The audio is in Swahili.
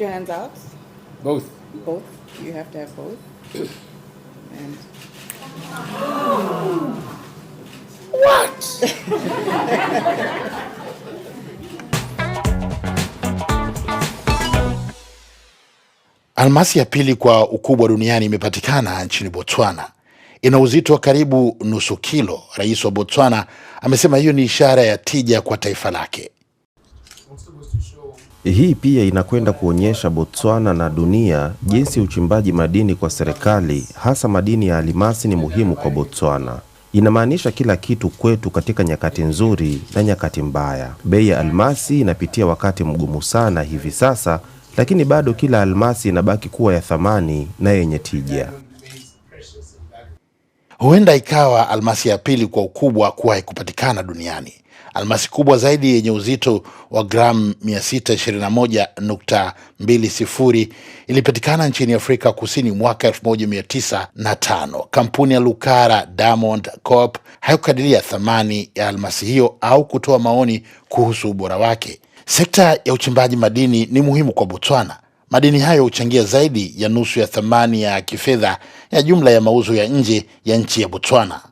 your hands out. Both. Both. You have to have both. And what? Almasi ya pili kwa ukubwa duniani imepatikana nchini Botswana. Ina uzito wa karibu nusu kilo. Rais wa Botswana amesema hiyo ni ishara ya tija kwa taifa lake. Hii pia inakwenda kuonyesha Botswana na dunia jinsi uchimbaji madini kwa serikali, hasa madini ya almasi, ni muhimu kwa Botswana. Inamaanisha kila kitu kwetu katika nyakati nzuri na nyakati mbaya. Bei ya almasi inapitia wakati mgumu sana hivi sasa, lakini bado kila almasi inabaki kuwa ya thamani na yenye tija. Huenda ikawa almasi ya pili kwa ukubwa kuwahi kupatikana duniani. Almasi kubwa zaidi yenye uzito wa gramu 621.20 ilipatikana nchini Afrika Kusini mwaka 1905. Kampuni ya lukara Diamond Corp haikukadiria thamani ya almasi hiyo au kutoa maoni kuhusu ubora wake. Sekta ya uchimbaji madini ni muhimu kwa Botswana Madini hayo huchangia zaidi ya nusu ya thamani ya kifedha ya jumla ya mauzo ya nje ya nchi ya Botswana.